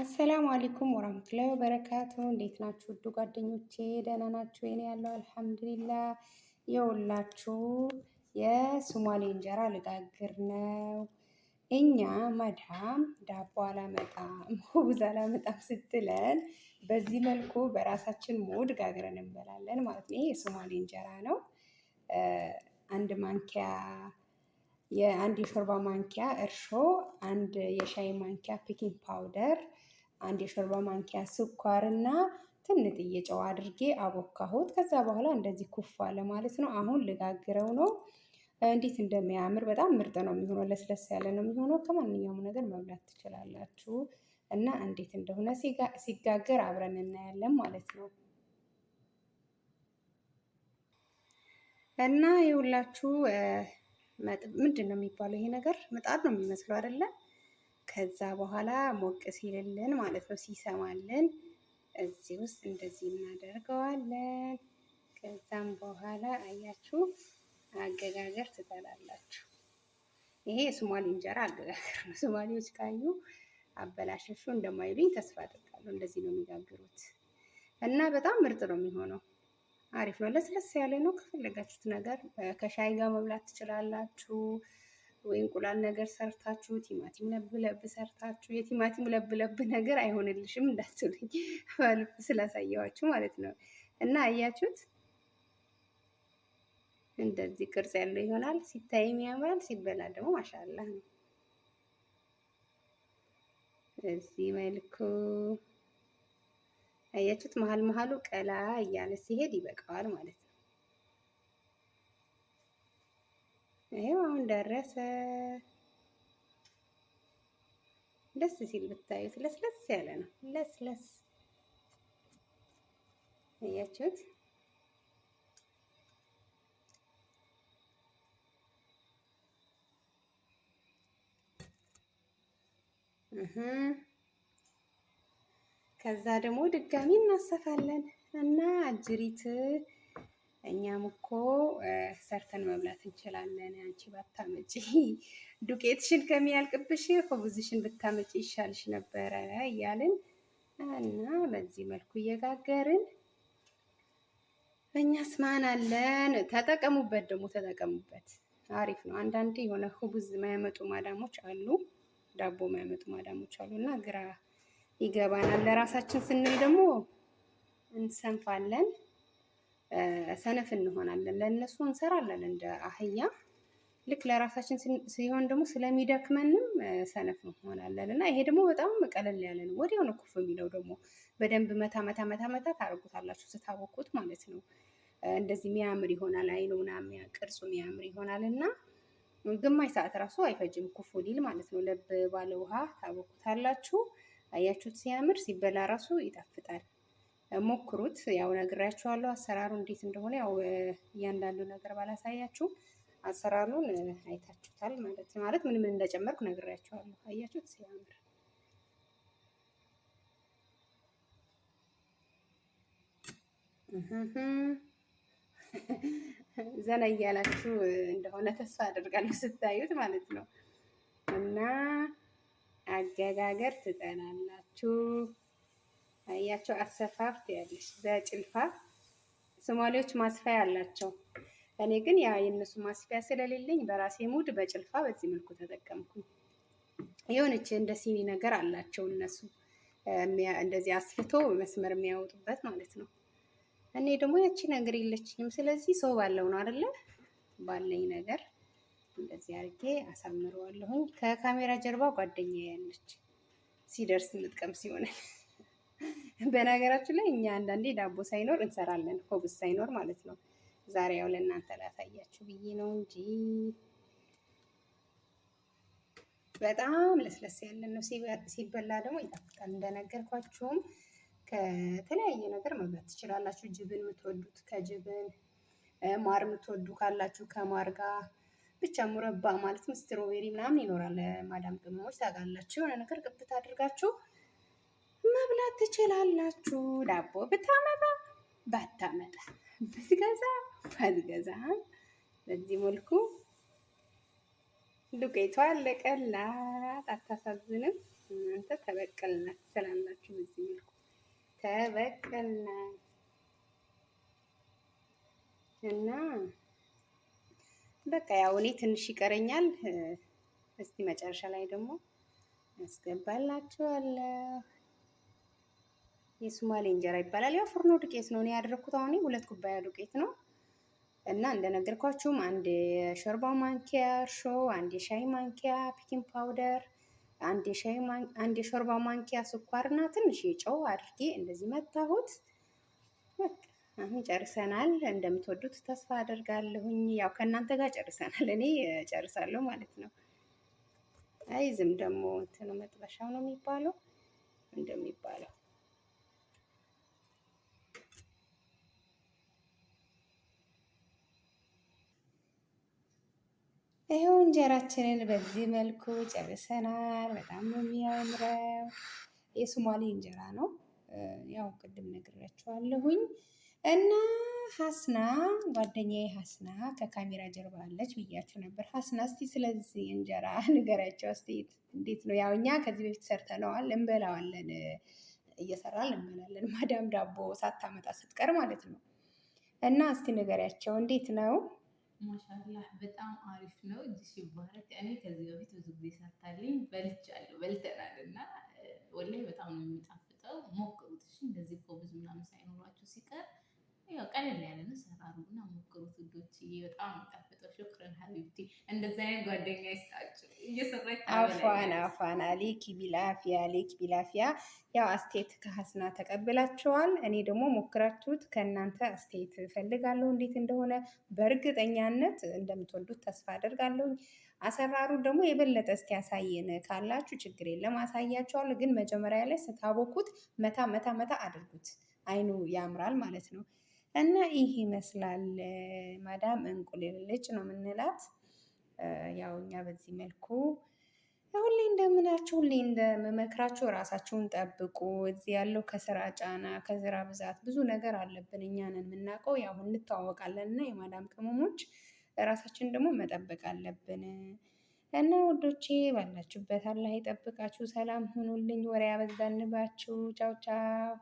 አሰላሙ አሌይኩም ወራህመቱላሂ ወበረካቱ። እንዴት ናችሁ ውድ ጓደኞቼ? ደህና ናችሁ? እኔ ያለው አልሐምዱሊላህ። የውላችሁ የሱማሌ እንጀራ ልጋግር ነው። እኛ መዳም ዳቦ አላመጣም ሁብዝ አላመጣም ስትለን በዚህ መልኩ በራሳችን ሙድ ጋግረን እንበላለን ማለት ነው። ይሄ የሶማሌ እንጀራ ነው። አንድ ማንኪያ የአንድ የሾርባ ማንኪያ እርሾ፣ አንድ የሻይ ማንኪያ ፒኪንግ ፓውደር፣ አንድ የሾርባ ማንኪያ ስኳር እና ትንጥዬ ጨው አድርጌ አቦካሁት። ከዛ በኋላ እንደዚህ ኩፍ አለ ማለት ነው። አሁን ልጋግረው ነው። እንዴት እንደሚያምር በጣም ምርጥ ነው የሚሆነው። ለስለስ ያለ ነው የሚሆነው። ከማንኛውም ነገር መብላት ትችላላችሁ እና እንዴት እንደሆነ ሲጋገር አብረን እናያለን ማለት ነው። እና የሁላችሁ። ምንድን ነው የሚባለው ይሄ ነገር ምጣድ ነው የሚመስለው አይደለ? ከዛ በኋላ ሞቅ ሲልልን ማለት ነው ሲሰማልን እዚህ ውስጥ እንደዚህ እናደርገዋለን። ከዛም በኋላ አያችሁ አገጋገር ትጠላላችሁ ይሄ የሶማሌ እንጀራ አገጋገር ነው። ሶማሌዎች ካዩ አበላሸሹ እንደማይሉኝ ተስፋ አደርጋለሁ። እንደዚህ ነው የሚጋግሩት እና በጣም ምርጥ ነው የሚሆነው። አሪፍ ነው። ለስለስ ያለ ነው። ከፈለጋችሁት ነገር ከሻይ ጋር መብላት ትችላላችሁ። ወይ እንቁላል ነገር ሰርታችሁ ቲማቲም ለብ ለብ ሰርታችሁ የቲማቲም ለብ ለብ ነገር አይሆንልሽም እንዳትሉኝ ባልፍ ስላሳየዋችሁ ማለት ነው። እና አያችሁት እንደዚህ ቅርጽ ያለው ይሆናል። ሲታይም ያምራል፣ ሲበላ ደግሞ ማሻላ ነው። እዚህ መልኩ አያችሁት? መሀል መሀሉ ቀላ እያለ ሲሄድ ይበቃዋል ማለት ነው። ይሄው አሁን ደረሰ። ደስ ሲል ብታዩት ለስለስ ያለ ነው። ለስለስ አያችሁት? እህ ከዛ ደግሞ ድጋሚ እናሰፋለን እና አጅሪት እኛም እኮ ሰርተን መብላት እንችላለን። አንቺ ባታመጪ ዱቄትሽን ከሚያልቅብሽ ብዙሽን ብታመጪ ይሻልሽ ነበረ እያልን እና በዚህ መልኩ እየጋገርን እኛ ስማን አለን። ተጠቀሙበት፣ ደግሞ ተጠቀሙበት፣ አሪፍ ነው። አንዳንዴ የሆነ ሁቡዝ ማያመጡ ማዳሞች አሉ፣ ዳቦ ማያመጡ ማዳሞች አሉ እና ግራ ይገባናል። ለራሳችን ስንል ደግሞ እንሰንፋለን፣ ሰነፍ እንሆናለን። ለእነሱ እንሰራለን እንደ አህያ። ልክ ለራሳችን ሲሆን ደግሞ ስለሚደክመንም ሰነፍ እንሆናለን እና ይሄ ደግሞ በጣም ቀለል ያለ ነው። ወዲያው ነው ኩፍ የሚለው ደግሞ በደንብ መታ መታ መታ መታ ታደርጉታላችሁ ስታወቁት ማለት ነው። እንደዚህ የሚያምር ይሆናል። አይኑ ምናምን ቅርጹ የሚያምር ይሆናል እና ግማሽ ሰዓት ራሱ አይፈጅም ኩፍ ሊል ማለት ነው። ለብ ባለ ውሃ ታወቁታላችሁ። አያችሁት? ሲያምር ሲበላ ራሱ ይጣፍጣል። ሞክሩት። ያው ነግራችኋለሁ አሰራሩ እንዴት እንደሆነ። ያው እያንዳንዱ ነገር ባላሳያችሁ አሰራሩን አይታችሁታል ማለት ማለት ምን ምን እንደጨመርኩ ነግራችኋለሁ። አያችሁት? ሲያምር ዘና እያላችሁ እንደሆነ ተስፋ አደርጋለሁ ስታዩት ማለት ነው እና አገጋገር ትጠናላችሁ። አያቸው አሰፋፍት ያለች በጭልፋ ሶማሌዎች ማስፊያ አላቸው። እኔ ግን ያ የእነሱ ማስፊያ ስለሌለኝ በራሴ ሙድ በጭልፋ በዚህ መልኩ ተጠቀምኩ። የሆነች እንደ ሲኒ ነገር አላቸው እነሱ እንደዚህ አስፍቶ መስመር የሚያወጡበት ማለት ነው። እኔ ደግሞ ያቺ ነገር የለችኝም። ስለዚህ ሰው ባለው ነው አይደለ ባለኝ ነገር እንደዚህ አድርጌ አሳምረዋለሁኝ። ከካሜራ ጀርባ ጓደኛ ያለች ሲደርስ ልጥቀም ሲሆናል። በነገራችን ላይ እኛ አንዳንዴ ዳቦ ሳይኖር እንሰራለን፣ ኮብስ ሳይኖር ማለት ነው። ዛሬ ያው ለእናንተ ላሳያችሁ ብዬ ነው እንጂ በጣም ለስለስ ያለን ነው። ሲበላ ደግሞ ይጣፍጣል። እንደነገርኳችሁም ከተለያየ ነገር መብላት ትችላላችሁ። ጅብን የምትወዱት ከጅብን፣ ማር የምትወዱ ካላችሁ ከማር ጋር ብቻ ሙረባ ማለትም ስትሮቤሪ ምናምን ይኖራል። ማዳም ቅመሞች ታውቃላችሁ፣ የሆነ ነገር ቅብት አድርጋችሁ መብላት ትችላላችሁ። ዳቦ ብታመጣ ባታመጣ፣ ብትገዛ ባትገዛ፣ በዚህ መልኩ ዱቄቷ አለቀላት። አታሳዝንም እናንተ። ተበቀልናት ትላላችሁ። በዚህ መልኩ ተበቀልናት እና በቃ ያው እኔ ትንሽ ይቀረኛል። እስቲ መጨረሻ ላይ ደግሞ አስገባላችኋለሁ። የሱማሌ እንጀራ ይባላል። ያው ፍርኖ ዱቄት ነው እኔ ያደረኩት። አሁን ሁለት ኩባያ ዱቄት ነው እና እንደነገርኳችሁም አንድ የሾርባ ማንኪያ እርሾ፣ አንድ የሻይ ማንኪያ ፒኪን ፓውደር፣ አንድ አንድ የሾርባ ማንኪያ ስኳርና ትንሽ የጨው አድርጌ እንደዚህ መታሁት በቃ አሁን ጨርሰናል። እንደምትወዱት ተስፋ አደርጋለሁኝ። ያው ከእናንተ ጋር ጨርሰናል፣ እኔ ጨርሳለሁ ማለት ነው። አይዝም ደግሞ እንትኑ መጥበሻው ነው የሚባለው እንደሚባለው ይኸው እንጀራችንን በዚህ መልኩ ጨርሰናል። በጣም ነው የሚያምረው። የሶማሌ እንጀራ ነው። ያው ቅድም ነግሬያችኋለሁኝ። እና ሀስና ጓደኛዬ ሀስና ከካሜራ ጀርባ አለች ብያችሁ ነበር። ሀስና እስቲ ስለዚህ እንጀራ ንገሪያቸው እስቲ እንዴት ነው? ያው እኛ ከዚህ በፊት ሰርተነዋል እንበላዋለን፣ እየሰራን እንበላለን። ማዳም ዳቦ ሳታመጣ ስትቀር ማለት ነው። እና እስቲ ንገሪያቸው እንዴት ነው? ማሻላህ በጣም አሪፍ ነው። እጅሽ ይባረክ። እኔ ከዚህ በፊት ብዙ ጊዜ ሰርታልኝ በልቻለሁ፣ በልተናል ቀለል ያለ ያለን ሰራሩና ሞክሩት ውዶች፣ በጣም ጣፍጦ። ሹክረን ሀቢብቲ። እንደዚ አይነት ጓደኛ ይስጣችሁ። እየሰራች አፏን አፏን አሌክ ቢላፊያ አሌክ ቢላፊያ። ያው አስቴት ከሀስና ተቀብላችኋል። እኔ ደግሞ ሞክራችሁት ከእናንተ አስቴት እፈልጋለሁ፣ እንዴት እንደሆነ በእርግጠኛነት እንደምትወዱት ተስፋ አደርጋለሁኝ። አሰራሩ ደግሞ የበለጠ እስቲ ያሳየን ካላችሁ ችግር የለም አሳያችኋለሁ። ግን መጀመሪያ ላይ ስታቦኩት መታ መታ መታ አድርጉት። አይኑ ያምራል ማለት ነው። እና ይህ ይመስላል ማዳም ልጅ ነው የምንላት። ያው እኛ በዚህ መልኩ ሁሌ እንደምናችሁ ሁሌ እንደምመክራችሁ ራሳችሁን ጠብቁ። እዚህ ያለው ከስራ ጫና፣ ከስራ ብዛት ብዙ ነገር አለብን። እኛን የምናውቀው ያው እንተዋወቃለን እና የማዳም ቅመሞች ራሳችን ደግሞ መጠበቅ አለብን እና ወዶቼ ባላችሁበት አላህ ይጠብቃችሁ። ሰላም ሁኑልኝ። ወሬ ያበዛንባችሁ። ቻው ቻው